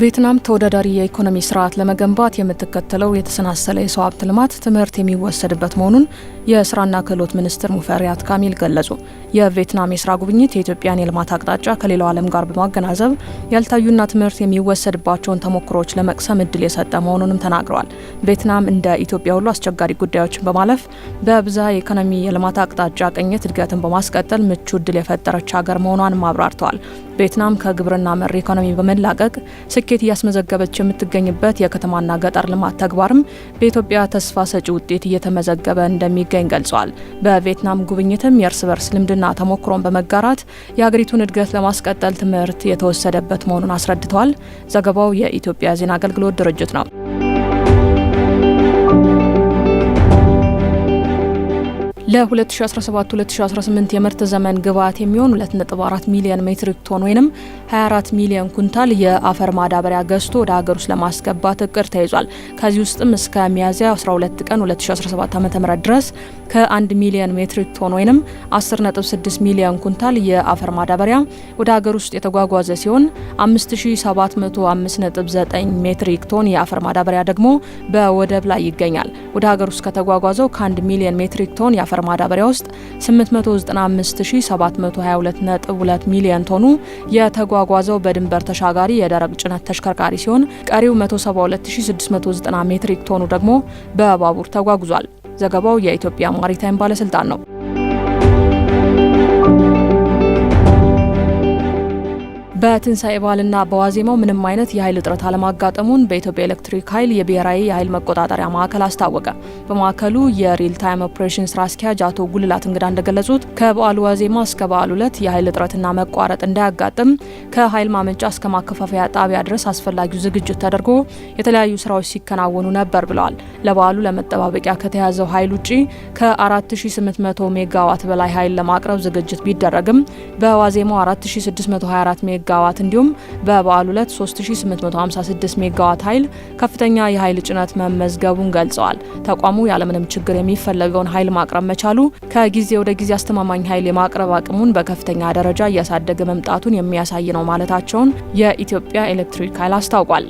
ቪየትናም ተወዳዳሪ የኢኮኖሚ ስርዓት ለመገንባት የምትከተለው የተሰናሰለ የሰው ሀብት ልማት ትምህርት የሚወሰድበት መሆኑን የስራና ክህሎት ሚኒስትር ሙፈሪያት ካሚል ገለጹ። የቪየትናም የስራ ጉብኝት የኢትዮጵያን የልማት አቅጣጫ ከሌላው ዓለም ጋር በማገናዘብ ያልታዩና ትምህርት የሚወሰድባቸውን ተሞክሮዎች ለመቅሰም እድል የሰጠ መሆኑንም ተናግረዋል። ቪየትናም እንደ ኢትዮጵያ ሁሉ አስቸጋሪ ጉዳዮችን በማለፍ በብዛ የኢኮኖሚ የልማት አቅጣጫ ቅኝት እድገትን በማስቀጠል ምቹ እድል የፈጠረች ሀገር መሆኗንም አብራርተዋል። ቪየትናም ከግብርና መር ኢኮኖሚ በመላቀቅ ስኬት እያስመዘገበች የምትገኝበት የከተማና ገጠር ልማት ተግባርም በኢትዮጵያ ተስፋ ሰጪ ውጤት እየተመዘገበ እንደሚገኝ ገልጿል። በቪየትናም ጉብኝትም የእርስ በርስ ልምድና ተሞክሮን በመጋራት የሀገሪቱን እድገት ለማስቀጠል ትምህርት የተወሰደበት መሆኑን አስረድተዋል። ዘገባው የኢትዮጵያ ዜና አገልግሎት ድርጅት ነው። ለ2017-2018 የምርት ዘመን ግብዓት የሚሆን 2.4 ሚሊዮን ሜትሪክ ቶን ወይም 24 ሚሊዮን ኩንታል የአፈር ማዳበሪያ ገዝቶ ወደ ሀገር ውስጥ ለማስገባት እቅድ ተይዟል። ከዚህ ውስጥም እስከ ሚያዝያ 12 ቀን 2017 ዓ.ም ድረስ ከ1 ሚሊዮን ሜትሪክ ቶን ወይም 10.6 ሚሊዮን ኩንታል የአፈር ማዳበሪያ ወደ ሀገር ውስጥ የተጓጓዘ ሲሆን 5759 ሜትሪክ ቶን የአፈር ማዳበሪያ ደግሞ በወደብ ላይ ይገኛል። ወደ ሀገር ውስጥ ከተጓጓዘው ከ1 ሚሊዮን ሜትሪክ ቶን ሊትር ማዳበሪያ ውስጥ 895722 ሚሊዮን ቶኑ የተጓጓዘው በድንበር ተሻጋሪ የደረቅ ጭነት ተሽከርካሪ ሲሆን ቀሪው 172690 ሜትሪክ ቶኑ ደግሞ በባቡር ተጓጉዟል። ዘገባው የኢትዮጵያ ማሪታይም ባለስልጣን ነው። በትንሣኤ በዓልና በዋዜማው ምንም አይነት የኃይል እጥረት አለማጋጠሙን በኢትዮጵያ ኤሌክትሪክ ኃይል የብሔራዊ የኃይል መቆጣጠሪያ ማዕከል አስታወቀ። በማዕከሉ የሪል ታይም ኦፕሬሽን ስራ አስኪያጅ አቶ ጉልላት እንግዳ እንደገለጹት ከበዓሉ ዋዜማ እስከ በዓሉ ዕለት የኃይል እጥረትና መቋረጥ እንዳያጋጥም ከኃይል ማመንጫ እስከ ማከፋፈያ ጣቢያ ድረስ አስፈላጊው ዝግጅት ተደርጎ የተለያዩ ስራዎች ሲከናወኑ ነበር ብለዋል። ለበዓሉ ለመጠባበቂያ ከተያዘው ኃይል ውጪ ከ4800 ሜጋዋት በላይ ኃይል ለማቅረብ ዝግጅት ቢደረግም በዋዜማው 4624 ሜጋ ሜጋዋት እንዲሁም በበዓሉ ዕለት 3856 ሜጋዋት ኃይል ከፍተኛ የኃይል ጭነት መመዝገቡን ገልጸዋል። ተቋሙ ያለምንም ችግር የሚፈለገውን ኃይል ማቅረብ መቻሉ ከጊዜ ወደ ጊዜ አስተማማኝ ኃይል የማቅረብ አቅሙን በከፍተኛ ደረጃ እያሳደገ መምጣቱን የሚያሳይ ነው ማለታቸውን የኢትዮጵያ ኤሌክትሪክ ኃይል አስታውቋል።